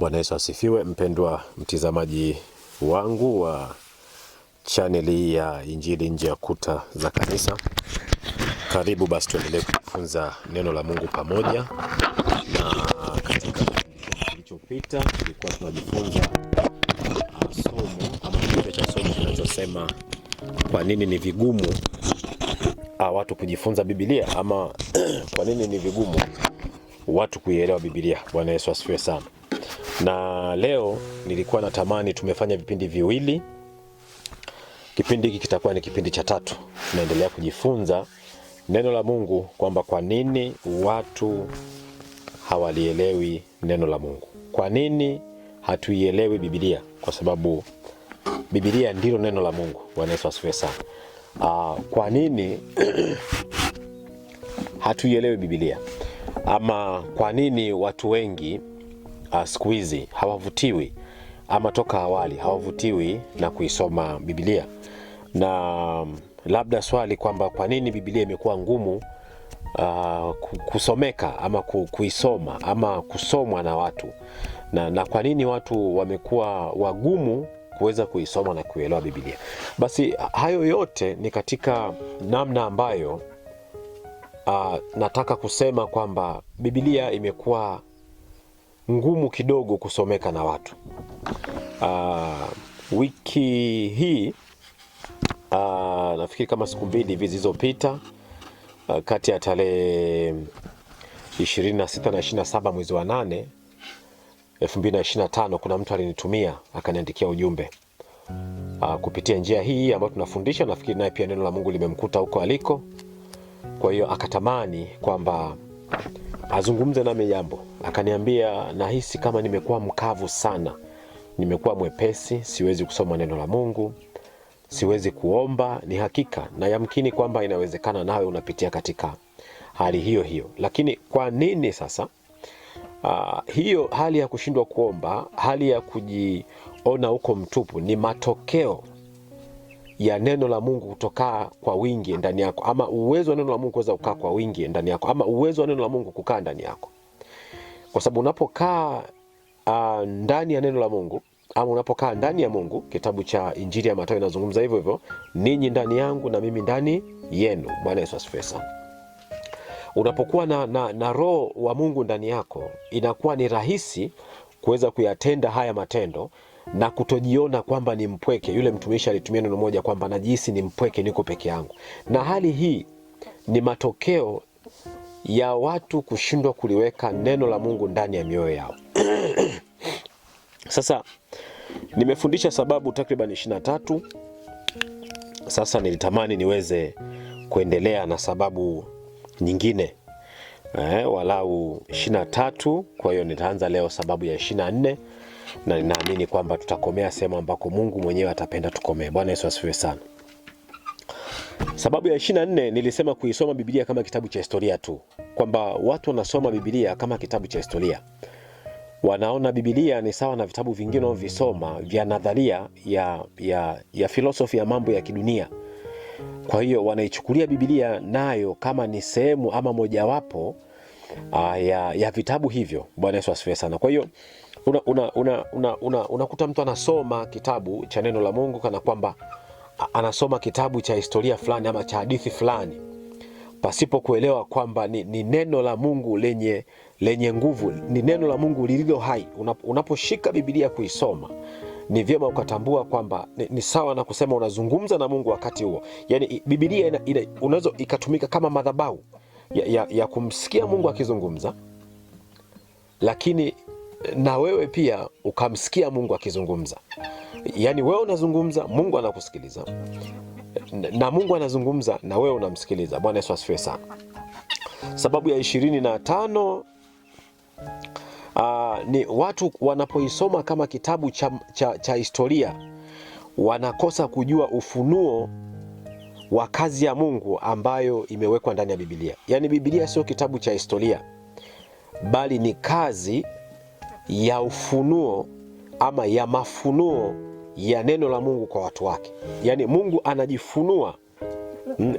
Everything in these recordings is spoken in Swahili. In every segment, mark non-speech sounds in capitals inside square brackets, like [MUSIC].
Bwana Yesu asifiwe, mpendwa mtizamaji wangu wa chaneli ya Injili nje ya kuta za kanisa. Karibu basi tuendelee kujifunza neno la Mungu pamoja, na katika kilichopita tulikuwa tunajifunza uh, somo ama kichwa cha somo kinachosema kwa nini ni vigumu uh, watu kujifunza Biblia ama [CLEARS THROAT] kwa nini ni vigumu watu kuielewa Biblia. Bwana Yesu asifiwe sana na leo nilikuwa natamani, tumefanya vipindi viwili, kipindi hiki kitakuwa ni kipindi cha tatu. Tunaendelea kujifunza neno la Mungu kwamba kwa nini watu hawalielewi neno la Mungu, kwa nini hatuielewi Biblia, kwa sababu Biblia ndilo neno la Mungu. Bwana Yesu asifiwe sana. Ah, kwa nini [CLEARS THROAT] hatuielewi Biblia ama kwa nini watu wengi uh, siku hizi hawavutiwi ama toka awali hawavutiwi na kuisoma Biblia, na labda swali kwamba kwa nini Biblia imekuwa ngumu uh, kusomeka ama kuisoma ama kusomwa na watu na, na kwa nini watu wamekuwa wagumu kuweza kuisoma na kuielewa Biblia. Basi hayo yote ni katika namna ambayo uh, nataka kusema kwamba Biblia imekuwa ngumu kidogo kusomeka na watu. Aa, ah, wiki hii aa, ah, nafikiri kama siku mbili hivi zilizopita ah, kati ya tarehe 26 na 27 mwezi wa 8 2025 kuna mtu alinitumia akaniandikia ujumbe aa, kupitia njia hii ambayo tunafundisha. Nafikiri naye pia neno la Mungu limemkuta huko aliko, kwa hiyo akatamani kwamba azungumze nami jambo, akaniambia nahisi kama nimekuwa mkavu sana, nimekuwa mwepesi, siwezi kusoma neno la Mungu, siwezi kuomba. Ni hakika na yamkini kwamba inawezekana nawe unapitia katika hali hiyo hiyo, lakini kwa nini sasa Uh, hiyo hali ya kushindwa kuomba, hali ya kujiona uko mtupu ni matokeo ya neno la Mungu kutokaa kwa wingi ndani yako, ama uwezo wa neno la Mungu kuweza kukaa kwa wingi ndani yako, ama uwezo wa neno la Mungu kukaa ndani yako, kwa sababu unapokaa uh, ndani ya neno la Mungu ama unapokaa ndani ya Mungu. Kitabu cha Injili ya Mathayo inazungumza hivyo hivyo, ninyi ndani yangu na mimi ndani yenu. Bwana Yesu asifiwe sana. Unapokuwa na, na, na roho wa Mungu ndani yako, inakuwa ni rahisi kuweza kuyatenda haya matendo na kutojiona kwamba ni mpweke. Yule mtumishi alitumia neno moja kwamba najihisi ni mpweke, niko peke yangu, na hali hii ni matokeo ya watu kushindwa kuliweka neno la Mungu ndani ya mioyo yao. [CLEARS THROAT] Sasa nimefundisha sababu takriban 23. Sasa nilitamani niweze kuendelea na sababu nyingine eh, walau 23. Kwa hiyo nitaanza leo sababu ya 24 na ninaamini kwamba tutakomea sehemu ambako Mungu mwenyewe atapenda tukomee. Bwana Yesu asifiwe sana. Sababu ya 24 nilisema kuisoma Biblia kama kitabu cha historia tu, kwamba watu wanasoma Biblia kama kitabu cha historia, wanaona Biblia ni sawa na vitabu vingine wanavisoma vya nadharia ya, ya, ya filosofi ya mambo ya kidunia. Kwa hiyo wanaichukulia Biblia nayo kama ni sehemu ama mojawapo ah, ya, ya vitabu hivyo. Bwana Yesu asifiwe sana. Kwa hiyo unakuta una, una, una, una mtu anasoma kitabu cha neno la Mungu kana kwamba anasoma kitabu cha historia fulani ama cha hadithi fulani pasipo kuelewa kwamba ni, ni neno la Mungu lenye, lenye nguvu, ni neno la Mungu lililo hai. Unaposhika Biblia kuisoma ni vyema ukatambua kwamba ni, ni sawa na kusema unazungumza na Mungu wakati huo. Yani Biblia unaweza ikatumika kama madhabahu ya, ya, ya kumsikia Mungu akizungumza, lakini na wewe pia ukamsikia Mungu akizungumza. Yaani wewe unazungumza, Mungu anakusikiliza, na Mungu anazungumza na wewe unamsikiliza. Bwana Yesu asifiwe sana. Sababu ya ishirini na tano ah, ni watu wanapoisoma kama kitabu cha, cha, cha historia wanakosa kujua ufunuo wa kazi ya Mungu ambayo imewekwa ndani ya Biblia. Yaani Biblia sio kitabu cha historia bali ni kazi ya ufunuo ama ya mafunuo ya neno la Mungu kwa watu wake. Yaani Mungu anajifunua,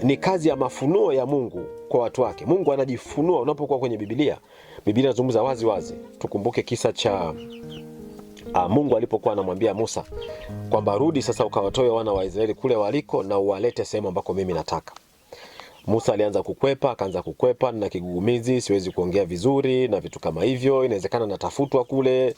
ni kazi ya mafunuo ya Mungu kwa watu wake. Mungu anajifunua unapokuwa kwenye Biblia. Biblia inazungumza wazi wazi, tukumbuke kisa cha a, Mungu alipokuwa anamwambia Musa kwamba rudi sasa ukawatoe wana wa Israeli kule waliko na uwalete sehemu ambako mimi nataka Musa alianza kukwepa, akaanza kukwepa, na kigugumizi, siwezi kuongea vizuri na vitu kama hivyo, inawezekana natafutwa kule,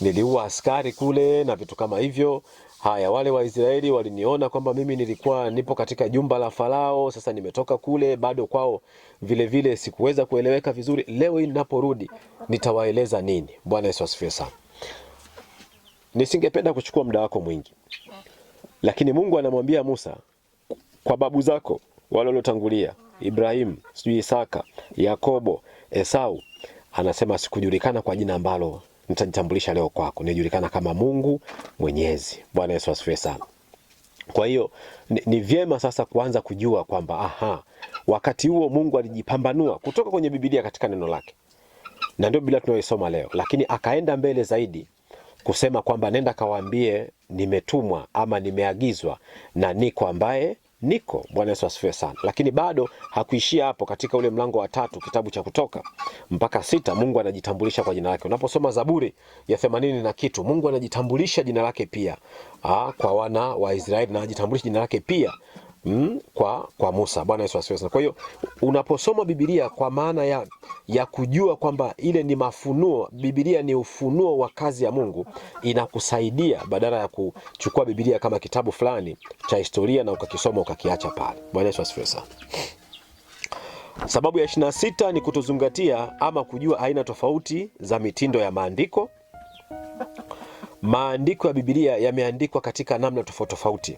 niliua askari kule na vitu kama hivyo. Haya, wale Waisraeli waliniona kwamba mimi nilikuwa nipo katika jumba la Farao, sasa nimetoka kule, bado kwao vile vile sikuweza kueleweka vizuri. Leo hii ninaporudi nitawaeleza nini? Bwana Yesu asifiwe sana. Nisingependa kuchukua muda wako mwingi, lakini Mungu anamwambia Musa, kwa babu zako wale waliotangulia Ibrahimu, sijui Isaka, Yakobo, Esau, anasema sikujulikana kwa jina ambalo nitajitambulisha leo kwako, nijulikana kama Mungu Mwenyezi. Bwana Yesu asifiwe sana. Kwa hiyo ni, ni vyema sasa kuanza kujua kwamba aha, wakati huo Mungu alijipambanua kutoka kwenye Biblia katika neno lake, na ndio Biblia tunayoisoma leo, lakini akaenda mbele zaidi kusema kwamba nenda kawaambie nimetumwa ama nimeagizwa na niko ambaye niko. Bwana Yesu asifiwe sana. Lakini bado hakuishia hapo. Katika ule mlango wa tatu kitabu cha Kutoka mpaka sita, Mungu anajitambulisha kwa jina lake. Unaposoma Zaburi ya themanini na kitu, Mungu anajitambulisha jina lake pia Aa, ah, kwa wana wa Israeli na anajitambulisha jina lake pia mm, kwa, kwa Musa. Bwana Yesu asifiwe sana. Kwa hiyo unaposoma Biblia kwa maana ya, ya kujua kwamba ile ni mafunuo, Biblia ni ufunuo wa kazi ya Mungu, inakusaidia badala ya kuchukua Biblia kama kitabu fulani cha historia na ukakisoma ukakiacha pale. Bwana Yesu asifiwe sana. Sababu ya sita ni kutozungatia ama kujua aina tofauti za mitindo ya maandiko. Maandiko ya Biblia yameandikwa katika namna tofauti tofauti.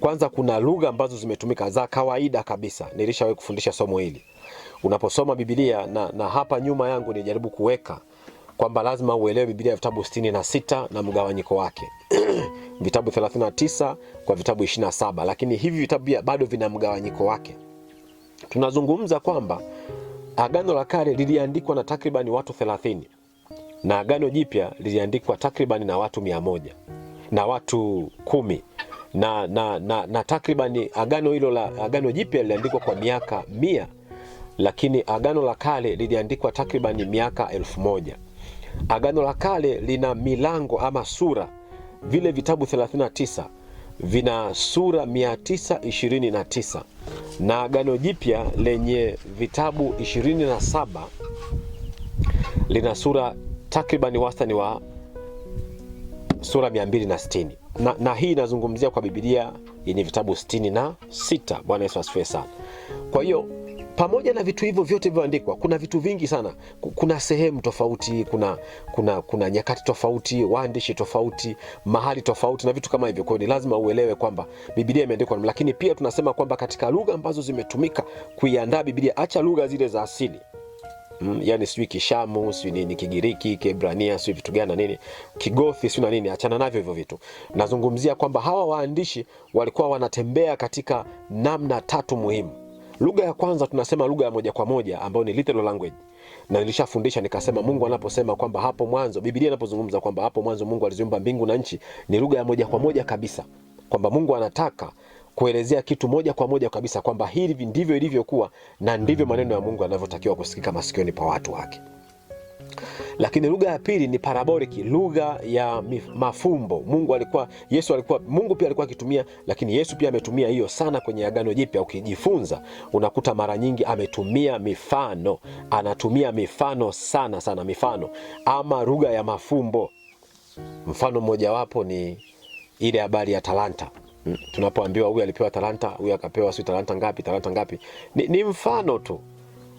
Kwanza kuna lugha ambazo zimetumika za kawaida kabisa. Nilishawahi kufundisha somo hili. Unaposoma Biblia na, na hapa nyuma yangu nijaribu kuweka kwamba lazima uelewe Biblia ya vitabu 66 na na mgawanyiko wake [CLEARS THROAT] vitabu 39 kwa vitabu 27, lakini hivi vitabu bado vina mgawanyiko wake. Tunazungumza kwamba Agano la Kale liliandikwa na takribani watu 30 na Agano Jipya liliandikwa takribani na watu 100 na watu kumi na, na, na, na takribani agano hilo la agano jipya liliandikwa kwa miaka mia, lakini agano la kale liliandikwa takribani miaka elfu moja. Agano la kale lina milango ama sura, vile vitabu 39 vina sura 929 na agano jipya lenye vitabu 27 lina sura takriban wastani wa sura 260 na, na hii inazungumzia kwa bibilia yenye vitabu sitini na sita. Bwana Yesu asifiwe sana. Kwa hiyo pamoja na vitu hivyo vyote vilivyoandikwa, kuna vitu vingi sana, kuna sehemu tofauti, kuna, kuna, kuna nyakati tofauti, waandishi tofauti, mahali tofauti na vitu kama hivyo. Kwa hiyo ni lazima uelewe kwamba Biblia imeandikwa, lakini pia tunasema kwamba katika lugha ambazo zimetumika kuiandaa Biblia, acha lugha zile za asili mm, yani sijui Kishamu sijui nini Kigiriki, kebrania sijui vitu gani na nini Kigothi sijui na nini, achana navyo hivyo vitu. Nazungumzia kwamba hawa waandishi walikuwa wanatembea katika namna tatu muhimu. Lugha ya kwanza tunasema lugha ya moja kwa moja ambayo ni literal language, na nilishafundisha nikasema, Mungu anaposema kwamba hapo mwanzo, Biblia inapozungumza kwamba hapo mwanzo Mungu aliziumba mbingu na nchi, ni lugha ya moja kwa moja kabisa kwamba Mungu anataka kuelezea kitu moja kwa moja kabisa kwamba hivi ndivyo ilivyokuwa na ndivyo maneno ya Mungu yanavyotakiwa kusikika masikioni pa watu wake. Lakini lugha ya pili ni paraboliki, lugha ya mafumbo. Mungu alikuwa Yesu alikuwa Mungu pia alikuwa akitumia, lakini Yesu pia ametumia hiyo sana kwenye Agano Jipya. Ukijifunza unakuta mara nyingi ametumia mifano, anatumia mifano sana sana, mifano ama lugha ya mafumbo. Mfano mmojawapo ni ile habari ya talanta. Tunapoambiwa huyu alipewa talanta, huyu akapewa si talanta ngapi, talanta ngapi, ni, ni mfano tu,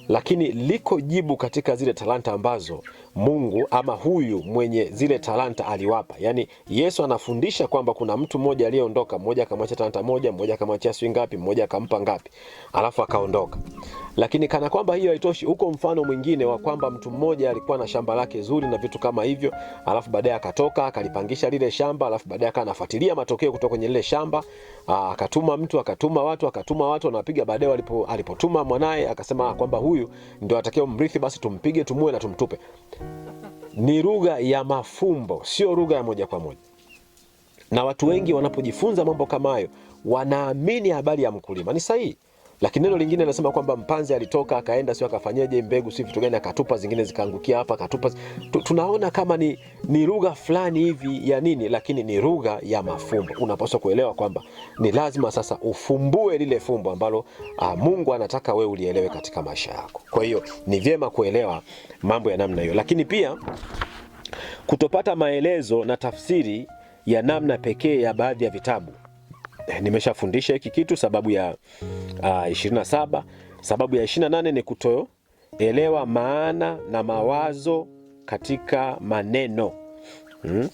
lakini liko jibu katika zile talanta ambazo Mungu ama huyu mwenye zile talanta aliwapa. Yaani Yesu anafundisha kwamba kuna mtu mmoja aliyeondoka, mmoja akamwacha talanta moja, mmoja akamwachia si ngapi, mmoja akampa ngapi, alafu akaondoka. Lakini kana kwamba hiyo haitoshi, huko mfano mwingine wa kwamba mtu mmoja alikuwa na shamba lake zuri na vitu kama hivyo, alafu baadaye akatoka akalipangisha lile shamba, alafu baadaye akawa anafuatilia matokeo kutoka kwenye lile shamba, akatuma mtu akatuma watu akatuma watu wanapiga, baadaye alipo, alipotuma mwanaye akasema kwamba huyu ndio atakao mrithi, basi tumpige, tumue na tumtupe. Ni lugha ya mafumbo, sio lugha ya moja kwa moja na watu wengi wanapojifunza mambo kama hayo wanaamini habari ya mkulima ni sahihi. Lakini neno lingine anasema kwamba mpanzi alitoka akaenda, sio akafanyeje, mbegu si vitu gani, akatupa zingine zikaangukia hapa, akatupa. Tunaona kama ni, ni lugha fulani hivi ya nini, lakini ni lugha ya mafumbo. Unapaswa kuelewa kwamba ni lazima sasa ufumbue lile fumbo ambalo a, ah, Mungu anataka we ulielewe katika maisha yako. Kwa hiyo ni vyema kuelewa mambo ya namna hiyo, lakini pia kutopata maelezo na tafsiri ya namna pekee ya baadhi ya vitabu Eh, nimeshafundisha hiki kitu sababu ya uh, ah, 27. Sababu ya 28 ni kutoelewa maana na mawazo katika maneno hmm?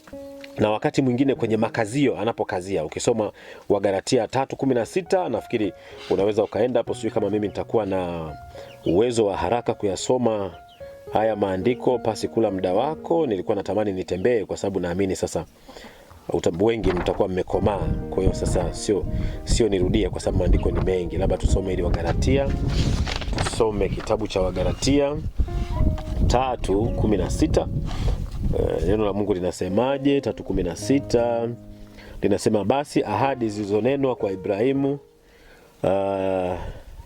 na wakati mwingine kwenye makazio anapokazia. Ukisoma Wagalatia 3:16 nafikiri unaweza ukaenda hapo, sijui kama mimi nitakuwa na uwezo wa haraka kuyasoma haya maandiko pasi kula muda wako. Nilikuwa natamani nitembee, kwa sababu naamini sasa wengi mtakuwa mmekomaa. Kwa hiyo sasa sio sio nirudie, kwa sababu maandiko ni mengi, labda tusome ili Wagalatia, tusome kitabu cha Wagalatia tatu kumi na sita. Uh, neno la Mungu linasemaje? tatu kumi na sita linasema basi ahadi zilizonenwa kwa Ibrahimu uh,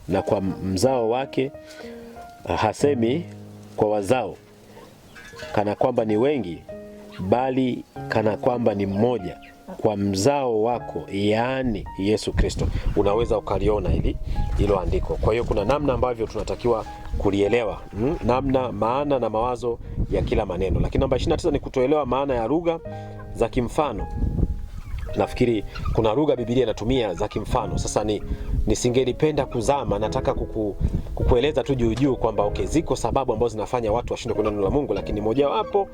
na kwa mzao wake uh, hasemi kwa wazao kana kwamba ni wengi bali kana kwamba ni mmoja kwa mzao wako, yaani Yesu Kristo. Unaweza ukaliona hili hilo andiko. Kwa hiyo kuna namna ambavyo tunatakiwa kulielewa hmm, namna, maana na mawazo ya kila maneno. Lakini namba 29 ni kutoelewa maana ya lugha za kimfano nafikiri kuna lugha Biblia inatumia za kimfano. Sasa ni nisingelipenda kuzama, nataka kuku, kukueleza tu juu juu kwamba okay, ziko sababu ambazo zinafanya watu washindwe kwenda neno la Mungu, lakini mojawapo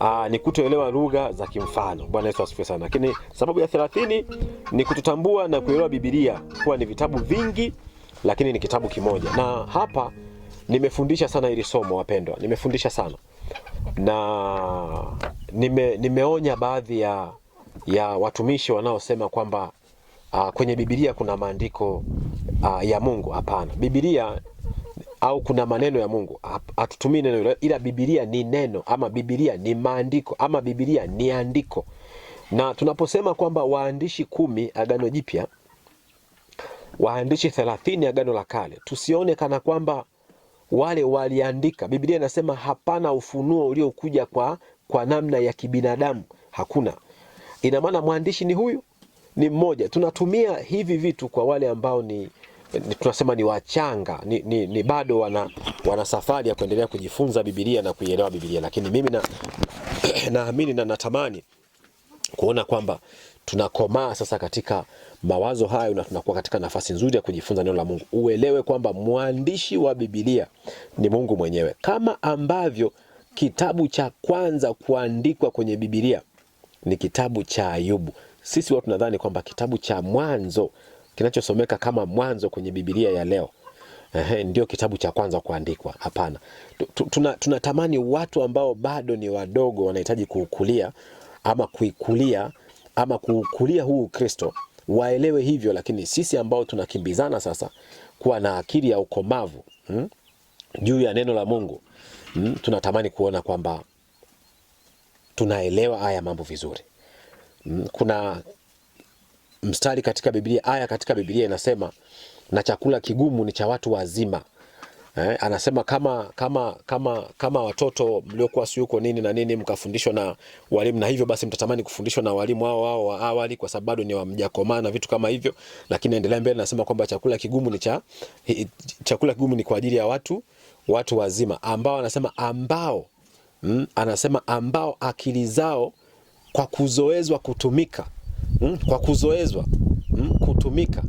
ah, ni kutoelewa lugha za kimfano. Bwana Yesu asifiwe sana. Lakini sababu ya 30 ni kutotambua na kuelewa Biblia kuwa ni vitabu vingi, lakini ni kitabu kimoja. Na hapa nimefundisha sana hili somo wapendwa, nimefundisha sana na nime, nimeonya baadhi ya ya watumishi wanaosema kwamba uh, kwenye Biblia kuna maandiko uh, ya Mungu. Hapana, Biblia au kuna maneno ya Mungu, hatutumii neno hilo, ila Biblia ni neno ama Biblia ni maandiko ama Biblia ni andiko. Na tunaposema kwamba waandishi kumi Agano Jipya, waandishi thelathini Agano la Kale, tusione kana kwamba wale waliandika. Biblia inasema hapana ufunuo uliokuja kwa, kwa namna ya kibinadamu, hakuna ina maana mwandishi ni huyu ni mmoja. Tunatumia hivi vitu kwa wale ambao ni tunasema ni wachanga ni, ni, ni bado wana, wana safari ya kuendelea kujifunza Biblia na kuielewa Biblia, lakini mimi na [CLEARS THROAT] naamini na natamani kuona kwamba tunakomaa sasa katika mawazo hayo na tunakuwa katika nafasi nzuri ya kujifunza neno la Mungu. Uelewe kwamba mwandishi wa Biblia ni Mungu mwenyewe, kama ambavyo kitabu cha kwanza kuandikwa kwenye Biblia ni kitabu cha Ayubu. Sisi watu tunadhani kwamba kitabu cha Mwanzo kinachosomeka kama Mwanzo kwenye Biblia ya leo Ehe, ndio kitabu cha kwanza kuandikwa. Hapana, tunatamani tuna watu ambao bado ni wadogo wanahitaji kuukulia ama kuikulia ama kuukulia huu Ukristo waelewe hivyo, lakini sisi ambao tunakimbizana sasa kuwa na akili ya ukomavu hmm, juu ya neno la Mungu hmm, tunatamani kuona kwamba tunaelewa haya mambo vizuri. Mm, kuna mstari katika Biblia, aya katika Biblia inasema na chakula kigumu ni cha watu wazima. Eh, anasema kama kama kama kama watoto mliokuwa si huko nini na nini mkafundishwa na walimu, na hivyo basi mtatamani kufundishwa na walimu wao wao wa awali, kwa sababu bado ni wamjakomaa na vitu kama hivyo. Lakini endelea mbele, anasema kwamba chakula kigumu ni cha chakula kigumu ni kwa ajili ya watu watu wazima ambao anasema ambao mm, anasema ambao akili zao kwa kuzoezwa kutumika mm, kwa kuzoezwa mm, kutumika.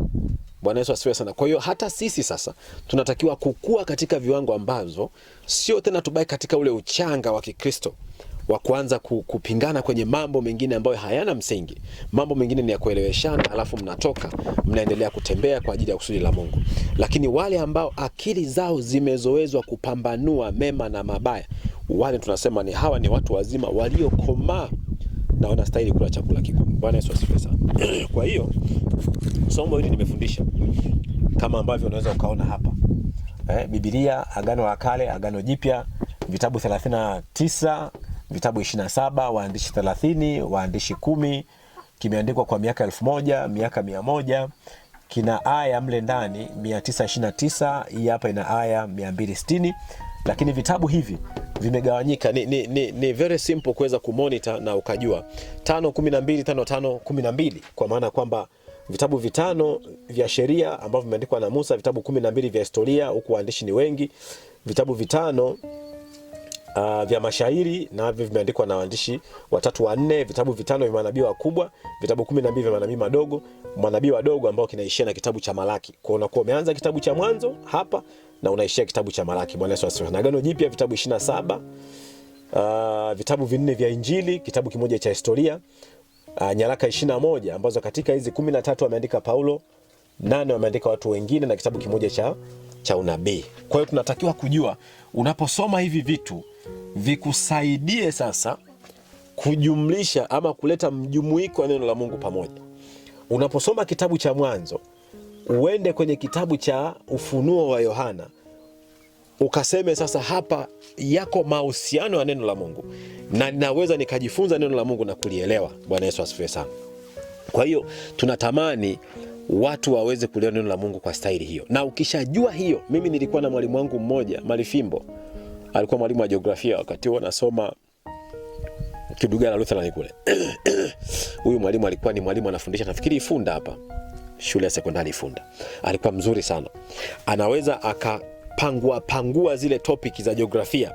Bwana Yesu asifiwe sana. Kwa hiyo hata sisi sasa tunatakiwa kukua katika viwango ambazo sio tena tubaki katika ule uchanga wa Kikristo wa kuanza kupingana kwenye mambo mengine ambayo hayana msingi. Mambo mengine ni ya kueleweshana, alafu mnatoka mnaendelea kutembea kwa ajili ya kusudi la Mungu. Lakini wale ambao akili zao zimezoezwa kupambanua mema na mabaya, wale tunasema ni hawa ni watu wazima waliokomaa na wanastahili kula chakula kigumu. Bwana Yesu asifiwe sana. [CLEARS THROAT] Kwa hiyo somo hili nimefundisha kama ambavyo unaweza ukaona hapa eh, Biblia, Agano la Kale, Agano Jipya, vitabu 39 vitabu 27, waandishi 30, waandishi kumi. Kimeandikwa kwa miaka elfu moja miaka mia moja Kina aya mle ndani 929. Hii e hapa ina aya 260, lakini vitabu hivi vimegawanyika. Ni, ni, ni, ni very simple kuweza kumonitor na ukajua 5 12 5 12, kwa maana kwamba vitabu vitano vya sheria ambavyo vimeandikwa na Musa, vitabu 12 vya historia, huku waandishi ni wengi, vitabu vitano uh, vya mashairi navyo vimeandikwa na waandishi watatu wanne, vitabu vitano vya manabii wakubwa, vitabu kumi na mbili vya manabii madogo, manabii wadogo ambao kinaishia na kitabu cha Malaki. Kwa unakuwa umeanza kitabu cha Mwanzo hapa na unaishia kitabu cha Malaki. Bwana Yesu asifiwe. Na Agano Jipya vitabu 27, uh, ah, vitabu vinne vya Injili, kitabu kimoja cha historia, uh, nyaraka 21 ambazo katika hizi 13 ameandika Paulo, nane wameandika watu wengine na kitabu kimoja cha cha unabii. Kwa hiyo tunatakiwa kujua unaposoma hivi vitu vikusaidie sasa kujumlisha ama kuleta mjumuiko wa neno la Mungu pamoja. Unaposoma kitabu cha Mwanzo uende kwenye kitabu cha Ufunuo wa Yohana ukaseme sasa, hapa yako mahusiano ya neno la Mungu na ninaweza nikajifunza neno la Mungu na kulielewa. Bwana Yesu asifiwe sana. Kwa hiyo tunatamani watu waweze kuliona neno la Mungu kwa staili hiyo, na ukishajua hiyo, mimi nilikuwa na mwalimu wangu mmoja Malifimbo alikuwa mwalimu wa jiografia wakati huo anasoma Kidugala Lutheran kule. [CLEARS THROAT] Huyu mwalimu alikuwa ni mwalimu anafundisha nafikiri Ifunda hapa. Shule ya sekondari Ifunda. Alikuwa mzuri sana. Anaweza akapangua pangua zile topic za jiografia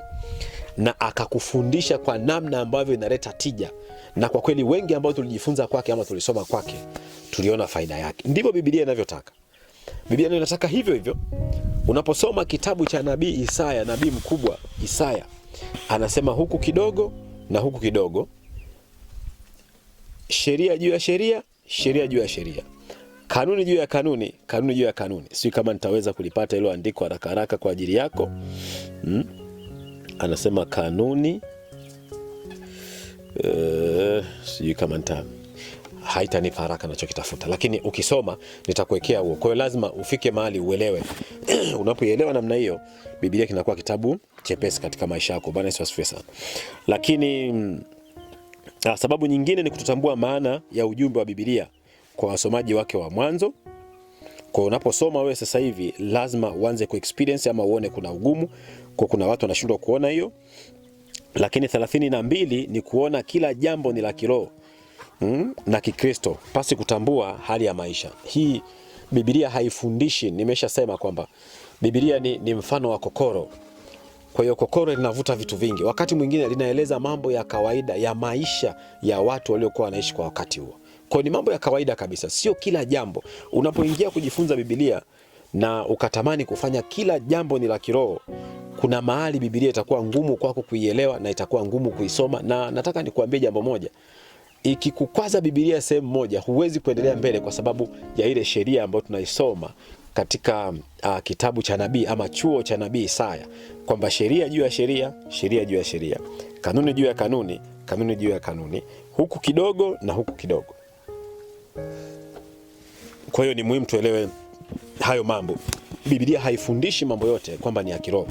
na akakufundisha kwa namna ambavyo inaleta tija. Na kwa kweli wengi ambao tulijifunza kwake ama tulisoma kwake tuliona faida yake. Ndivyo Biblia inavyotaka. Biblia ndio inataka hivyo hivyo. Unaposoma kitabu cha nabii Isaya, nabii mkubwa Isaya anasema huku kidogo na huku kidogo, sheria juu ya sheria, sheria juu ya sheria, kanuni juu ya kanuni, kanuni juu ya kanuni. Sijui kama nitaweza kulipata hilo andiko haraka haraka kwa ajili yako hmm? Anasema kanuni, uh, sijui kama nita haitanipa haraka nachokitafuta, lakini ukisoma nitakuwekea huo. Kwa hiyo lazima ufike mahali uelewe. [CLEARS THROAT] Unapoielewa namna hiyo, Biblia kinakuwa kitabu chepesi katika maisha yako. Bwana Yesu asifiwe sana. Lakini na mm, ah, sababu nyingine ni kutotambua maana ya ujumbe wa Biblia kwa wasomaji wake wa mwanzo. Kwa unaposoma wewe sasa hivi lazima uanze kuexperience ama uone kuna ugumu, kwa kuna watu wanashindwa kuona hiyo. Lakini thelathini na mbili ni kuona kila jambo ni la kiroho mm, na Kikristo pasi kutambua hali ya maisha hii. Biblia haifundishi, nimeshasema kwamba Biblia ni, ni mfano wa kokoro. Kwa hiyo kokoro linavuta vitu vingi, wakati mwingine linaeleza mambo ya kawaida ya maisha ya watu waliokuwa wanaishi kwa wakati huo. Kwa ni mambo ya kawaida kabisa, sio kila jambo. Unapoingia kujifunza Biblia na ukatamani kufanya kila jambo ni la kiroho, kuna mahali Biblia itakuwa ngumu kwako kuielewa na itakuwa ngumu kuisoma. Na nataka nikuambie jambo moja, ikikukwaza Biblia sehemu moja, huwezi kuendelea mbele kwa sababu ya ile sheria ambayo tunaisoma katika uh, kitabu cha nabii ama chuo cha nabii Isaya kwamba sheria juu ya sheria, sheria juu ya sheria, kanuni juu ya kanuni, kanuni juu ya kanuni, huku kidogo na huku kidogo. Kwa hiyo ni muhimu tuelewe hayo mambo. Biblia haifundishi mambo yote kwamba ni ya kiroho,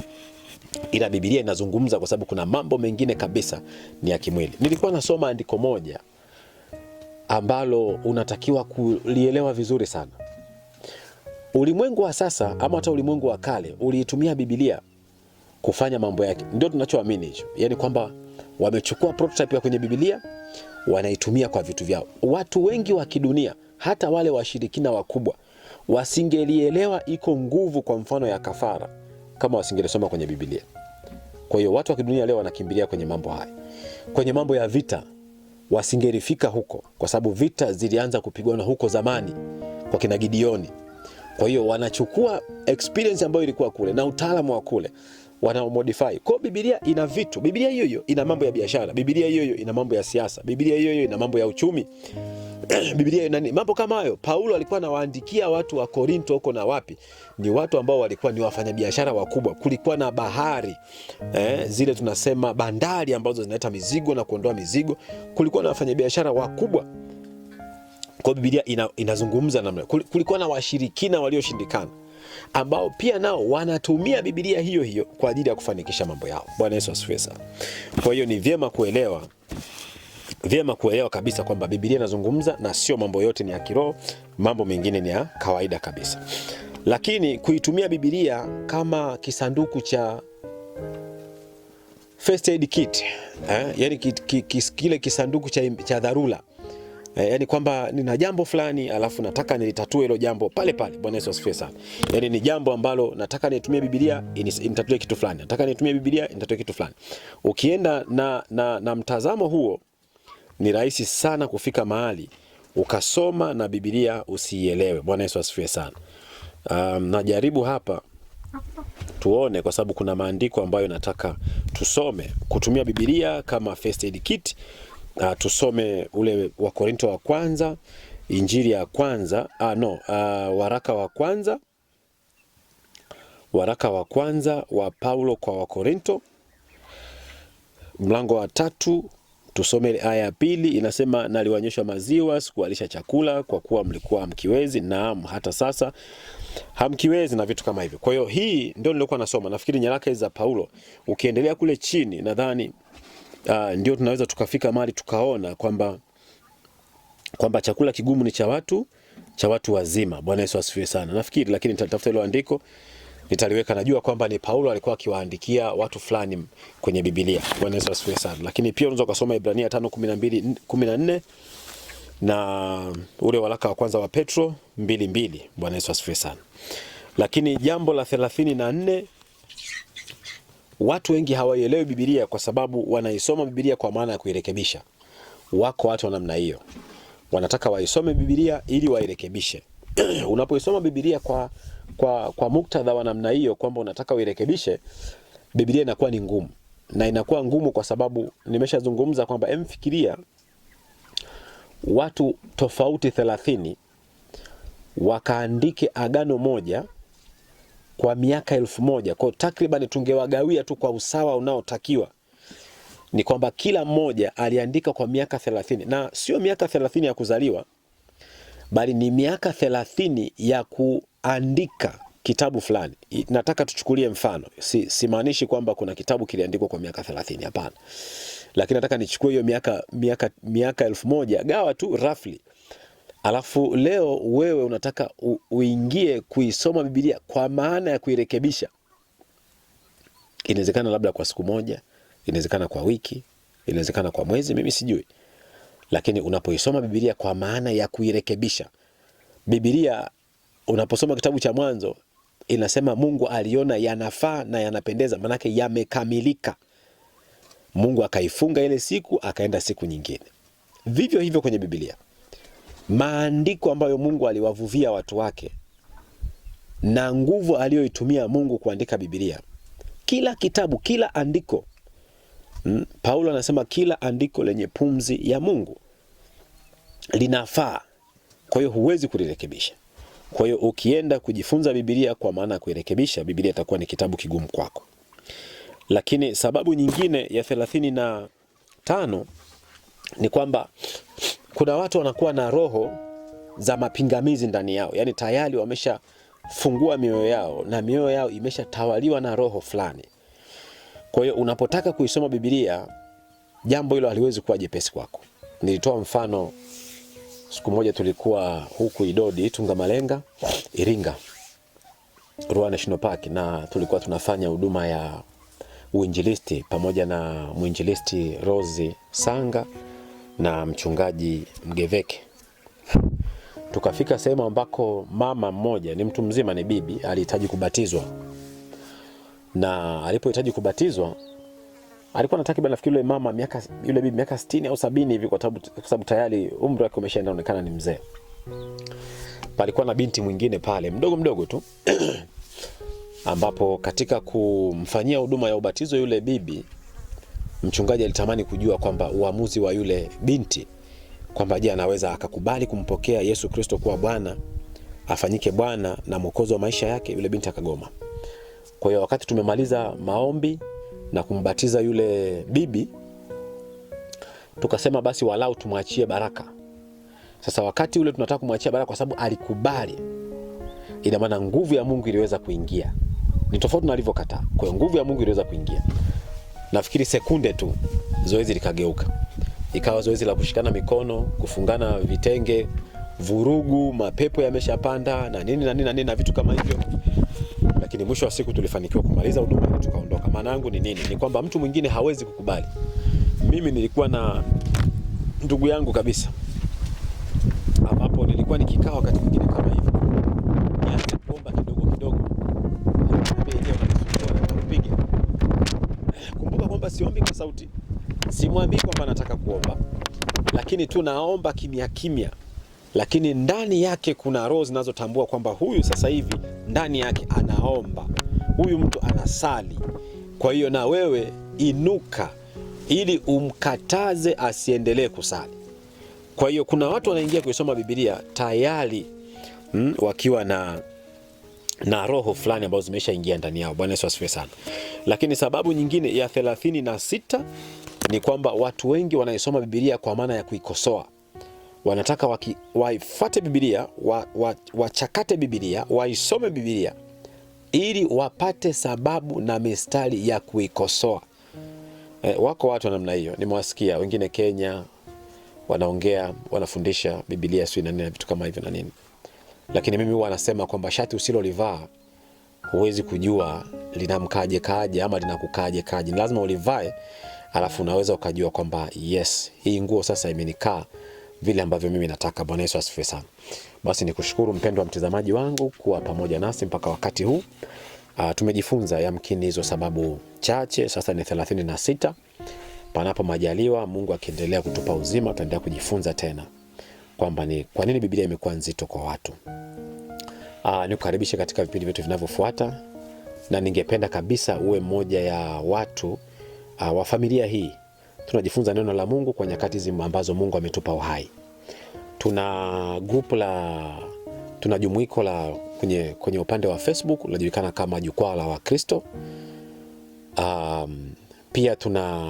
ila Biblia inazungumza kwa sababu kuna mambo mengine kabisa ni ya kimwili. Nilikuwa nasoma andiko moja ambalo unatakiwa kulielewa vizuri sana. Ulimwengu wa sasa ama hata ulimwengu wa kale uliitumia Biblia kufanya mambo yake, ndio tunachoamini hicho, yaani kwamba wamechukua prototype ya kwenye Biblia wanaitumia kwa vitu vyao. Watu wengi wa kidunia, hata wale washirikina wakubwa, wasingelielewa iko nguvu kwa mfano ya kafara kama wasingelisoma kwenye Biblia. Kwa hiyo watu wa kidunia leo wanakimbilia kwenye mambo haya, kwenye mambo ya vita wasingelifika huko, kwa sababu vita zilianza kupigwana huko zamani kwa kina Gideoni. Kwa hiyo wanachukua experience ambayo ilikuwa kule na utaalamu wa kule wanaomodify. Kwa Biblia ina vitu, Biblia hiyo hiyo ina mambo ya biashara, Biblia hiyo hiyo ina mambo ya siasa, Biblia hiyo hiyo ina mambo ya uchumi. [CLEARS THROAT] Biblia nani, mambo kama hayo. Paulo alikuwa anawaandikia watu wa Korinto huko na wapi, ni watu ambao walikuwa ni wafanyabiashara wakubwa. Kulikuwa na bahari eh, zile tunasema bandari ambazo zinaleta mizigo na kuondoa mizigo. Kulikuwa na wafanyabiashara wakubwa kwa Biblia ina, inazungumza namna. Kulikuwa na washirikina walioshindikana ambao pia nao wanatumia Biblia hiyo hiyo kwa ajili ya kufanikisha mambo yao. Bwana Yesu asifiwe sana. Kwa hiyo ni vyema kuelewa vyema kuelewa kabisa kwamba Biblia inazungumza na sio mambo yote ni ya kiroho, mambo mengine ni ya kawaida kabisa. Lakini kuitumia Biblia kama kisanduku cha first aid kit eh, yani ki, ki, kile kisanduku cha, cha dharura eh, yani kwamba nina jambo fulani alafu nataka nilitatue hilo jambo pale pale. Bwana Yesu asifiwe sana. Yani ni jambo ambalo nataka nitumie Biblia nitatue kitu fulani, nataka nitumie Biblia nitatue kitu fulani. Ukienda na, na, na mtazamo huo ni rahisi sana kufika mahali ukasoma na Biblia usiielewe. Bwana Yesu asifiwe sana. Um, najaribu hapa tuone, kwa sababu kuna maandiko ambayo nataka tusome kutumia Biblia kama first aid kit. Uh, tusome ule wa Korinto wa kwanza, injili ya kwanza ah, no, uh, waraka wa kwanza waraka wa kwanza wa Paulo kwa Wakorinto mlango wa tatu Tusome aya ya pili, inasema na maziwa, sikuwalisha chakula, kwa kuwa mlikuwa hamkiwezi, naam hata sasa hamkiwezi, na vitu kama hivyo. Kwa hiyo hii ndio nilikuwa nasoma, nafikiri nyaraka hizi za Paulo. Ukiendelea kule chini, nadhani uh, ndio tunaweza tukafika mahali tukaona kwamba kwamba chakula kigumu ni cha watu cha watu wazima. Bwana Yesu asifiwe sana. Nafikiri lakini nitatafuta ile andiko nitaliweka. Najua kwamba ni Paulo alikuwa akiwaandikia watu fulani kwenye Biblia. Bwana Yesu asifiwe sana. Lakini pia unaweza ukasoma Ibrania 5:12-14 na ule waraka wa kwanza wa Petro 2:2. Bwana Yesu asifiwe sana. Lakini jambo la 34 watu wengi hawaielewi Biblia kwa sababu wanaisoma Biblia kwa maana ya kuirekebisha. Wako watu wa namna hiyo, wanataka waisome Biblia ili wairekebishe. [CLEARS THROAT] Unapoisoma Biblia kwa kwa, kwa muktadha wa namna hiyo kwamba unataka uirekebishe, Biblia inakuwa ni ngumu, na inakuwa ngumu kwa sababu nimeshazungumza kwamba emfikiria watu tofauti thelathini wakaandike agano moja kwa miaka elfu moja kwao takriban, tungewagawia tu kwa usawa unaotakiwa ni kwamba kila mmoja aliandika kwa miaka thelathini na sio miaka thelathini ya kuzaliwa, bali ni miaka thelathini ya kuandika kitabu fulani. Nataka tuchukulie mfano, si, simaanishi kwamba kuna kitabu kiliandikwa kwa miaka thelathini, hapana, lakini nataka nichukue hiyo miaka, miaka, miaka elfu moja gawa tu roughly Alafu leo wewe unataka u, uingie kuisoma Biblia kwa maana ya kuirekebisha. Inawezekana labda kwa siku moja, inawezekana kwa wiki, inawezekana kwa mwezi, mimi sijui. Lakini unapoisoma Biblia kwa maana ya kuirekebisha Biblia, unaposoma kitabu cha Mwanzo inasema Mungu aliona yanafaa na yanapendeza, maanake yamekamilika. Mungu akaifunga ile siku, akaenda siku nyingine. Vivyo hivyo kwenye Biblia, maandiko ambayo Mungu aliwavuvia watu wake na nguvu aliyoitumia Mungu kuandika Biblia, kila kitabu, kila andiko Mm, Paulo anasema kila andiko lenye pumzi ya Mungu linafaa, kwa hiyo huwezi kulirekebisha. Kwa hiyo ukienda kujifunza Biblia kwa maana ya kuirekebisha Biblia, itakuwa ni kitabu kigumu kwako. Lakini sababu nyingine ya thelathini na tano ni kwamba kuna watu wanakuwa na roho za mapingamizi ndani yao, yaani tayari wameshafungua mioyo yao na mioyo yao imeshatawaliwa na roho fulani kwa hiyo unapotaka kuisoma Biblia, jambo hilo haliwezi kuwa jepesi kwako. Nilitoa mfano siku moja, tulikuwa huku Idodi, Tungamalenga, Iringa, Ruaha National Park, na tulikuwa tunafanya huduma ya uinjilisti pamoja na mwinjilisti Rose Sanga na mchungaji Mgeveke. Tukafika sehemu ambako mama mmoja, ni mtu mzima, ni bibi, alihitaji kubatizwa na alipohitaji kubatizwa alikuwa na takriban nafikiri yule mama miaka yule bibi miaka 60 au 70 hivi, kwa sababu tayari umri wake umeshaenda onekana ni mzee. Palikuwa na binti mwingine pale mdogo mdogo tu [CLEARS THROAT] ambapo katika kumfanyia huduma ya ubatizo yule bibi, mchungaji alitamani kujua kwamba uamuzi wa yule binti kwamba je, anaweza akakubali kumpokea Yesu Kristo kuwa Bwana afanyike Bwana na Mwokozi wa maisha yake. Yule binti akagoma. Kwa hiyo wakati tumemaliza maombi na kumbatiza yule bibi, tukasema basi walau tumwachie baraka. Sasa wakati ule tunataka kumwachia baraka, kwa sababu alikubali, ina maana nguvu ya Mungu iliweza kuingia, ni tofauti na alivyokataa. Kwa hiyo nguvu ya Mungu iliweza kuingia, nafikiri sekunde tu zoezi likageuka, ikawa zoezi la kushikana mikono, kufungana vitenge, vurugu, mapepo yameshapanda na nini na nini na nini na vitu kama hivyo lakini mwisho wa siku tulifanikiwa kumaliza huduma na tukaondoka. Maana yangu ni nini? Ni kwamba mtu mwingine hawezi kukubali. Mimi nilikuwa na ndugu yangu kabisa, ambapo nilikuwa nikikaa wakati mwingine kama hivi bomba yaani kidogo kidogo, Kumbuka kwamba siombi kwa sauti, simwambii kwamba nataka kuomba, lakini tu naomba kimya kimya lakini ndani yake kuna roho zinazotambua kwamba huyu sasa hivi ndani yake anaomba, huyu mtu anasali. Kwa hiyo na wewe inuka, ili umkataze asiendelee kusali. Kwa hiyo kuna watu wanaingia kuisoma Biblia tayari mm, wakiwa na na roho fulani ambazo zimeshaingia ndani yao. Bwana Yesu asifiwe sana. Lakini sababu nyingine ya thelathini na sita ni kwamba watu wengi wanaisoma Biblia kwa maana ya kuikosoa. Wanataka waifate Biblia, wachakate wa, wa Biblia, waisome Biblia ili wapate sababu na mistari ya kuikosoa. E, wako watu wa namna hiyo, nimewasikia wengine Kenya wanaongea wanafundisha Biblia sio na nini vitu kama hivyo na nini, lakini mimi huwa nasema kwamba shati usilolivaa huwezi kujua linamkaje kaje ama linakukaje kaje. Ni lazima ulivae, alafu unaweza ukajua kwamba yes, hii nguo sasa imenikaa vile ambavyo mimi nataka. Bwana Yesu asifiwe sana. Basi nikushukuru mpendwa mtazamaji wangu kuwa pamoja nasi mpaka wakati huu. Uh, tumejifunza yamkini hizo sababu chache. Sasa ni thelathini na sita. Panapo majaliwa, Mungu akiendelea kutupa uzima, tutaendelea kujifunza tena kwamba ni kwa nini Biblia imekuwa nzito kwa watu. Ah, nikukaribishe katika vipindi vyetu vinavyofuata na ningependa kabisa uwe mmoja ya watu uh, wa familia hii tunajifunza neno la Mungu kwa mm. nyakati ambazo Mungu ametupa uhai. Tuna grupu la tuna jumuiko la kwenye, kwenye upande wa Facebook unajulikana kama jukwaa la Wakristo. Um, pia tuna,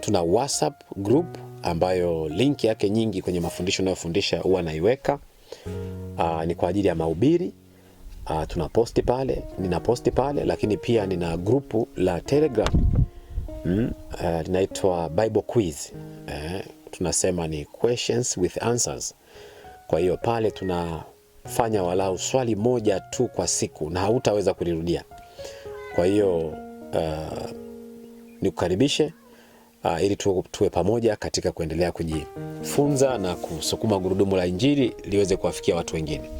tuna WhatsApp group ambayo link yake nyingi kwenye mafundisho unayofundisha huwa naiweka. Uh, ni kwa ajili ya mahubiri uh, tuna posti pale, nina posti pale, lakini pia nina grupu la Telegram mm, uh, linaitwa Bible quiz eh, tunasema ni questions with answers. Kwa hiyo pale tunafanya walau swali moja tu kwa siku na hautaweza kulirudia. Kwa hiyo uh, nikukaribishe uh, ili tuwe, tuwe pamoja katika kuendelea kujifunza na kusukuma gurudumu la Injili liweze kuwafikia watu wengine.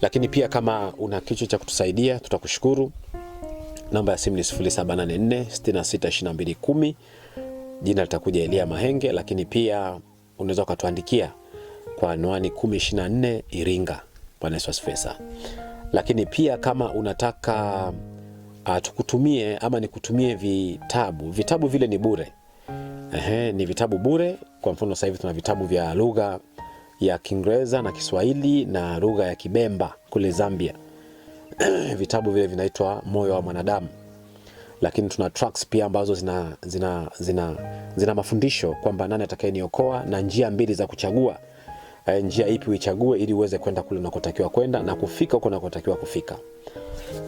Lakini pia kama una kichwa cha kutusaidia tutakushukuru. Namba ya simu ni 0784 Jina litakuja Elia Mahenge, lakini pia unaweza ukatuandikia kwa anwani 1024 Iringa. Bwana Yesu asifiwe sana. Lakini pia kama unataka uh, tukutumie ama nikutumie vitabu, vitabu vile ni bure. Ehe, ni vitabu bure. Kwa mfano sasa hivi tuna vitabu vya lugha ya Kiingereza na Kiswahili na lugha ya Kibemba kule Zambia. [CLEARS THROAT] vitabu vile vinaitwa Moyo wa Mwanadamu, lakini tuna tracks pia ambazo zina, zina, zina, zina mafundisho kwamba nani atakayeniokoa na njia mbili za kuchagua, e, njia ipi uichague ili uweze kwenda kule unakotakiwa kwenda na kufika huko unakotakiwa kufika.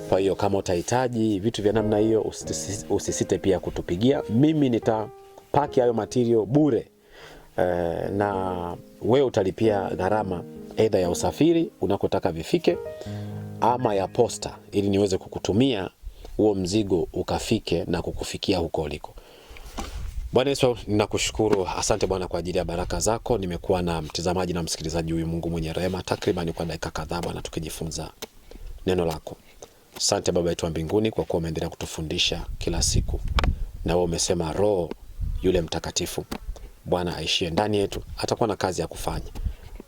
Kwa hiyo kama utahitaji vitu vya namna hiyo, usisite pia kutupigia. Mimi nitapaki hayo material bure e, na wewe utalipia gharama aidha ya usafiri unakotaka vifike ama ya posta, ili niweze kukutumia huo mzigo ukafike na kukufikia huko uliko. Bwana Yesu, ninakushukuru. Asante Bwana kwa ajili ya baraka zako. Nimekuwa na mtazamaji na msikilizaji huyu Mungu mwenye rehema takriban kwa dakika kadhaa, Bwana, tukijifunza neno lako. Asante Baba yetu wa mbinguni kwa kuwa umeendelea kutufundisha kila siku, na wewe umesema Roho yule Mtakatifu Bwana aishie ndani yetu atakuwa na kazi ya kufanya.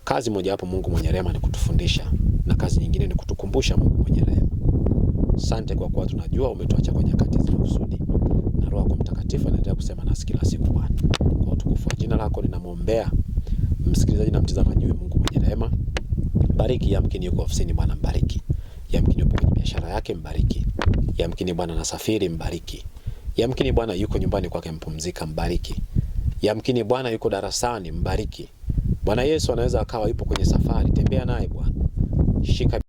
Kazi mojawapo Mungu mwenye rehema ni kutufundisha na kazi nyingine ni kutukumbusha Mungu mwenye rehema. Asante kwa kuwa tunajua umetuacha kwa nyakati za kusudi, na Roho yako Mtakatifu anaendelea kusema nasi kila siku. Bwana, kwa utukufu wa jina lako ninamwombea msikilizaji na mtazamaji wewe Mungu mwenye rehema, mbariki. Yamkini yuko ofisini, Bwana mbariki. Yamkini yupo kwenye biashara yake, mbariki. Yamkini Bwana anasafiri, mbariki. Yamkini Bwana yuko nyumbani kwake, mpumzika, mbariki. Yamkini Bwana yuko darasani, mbariki. Bwana Yesu anaweza akawa yupo kwenye safari, tembea naye Bwana. щеками.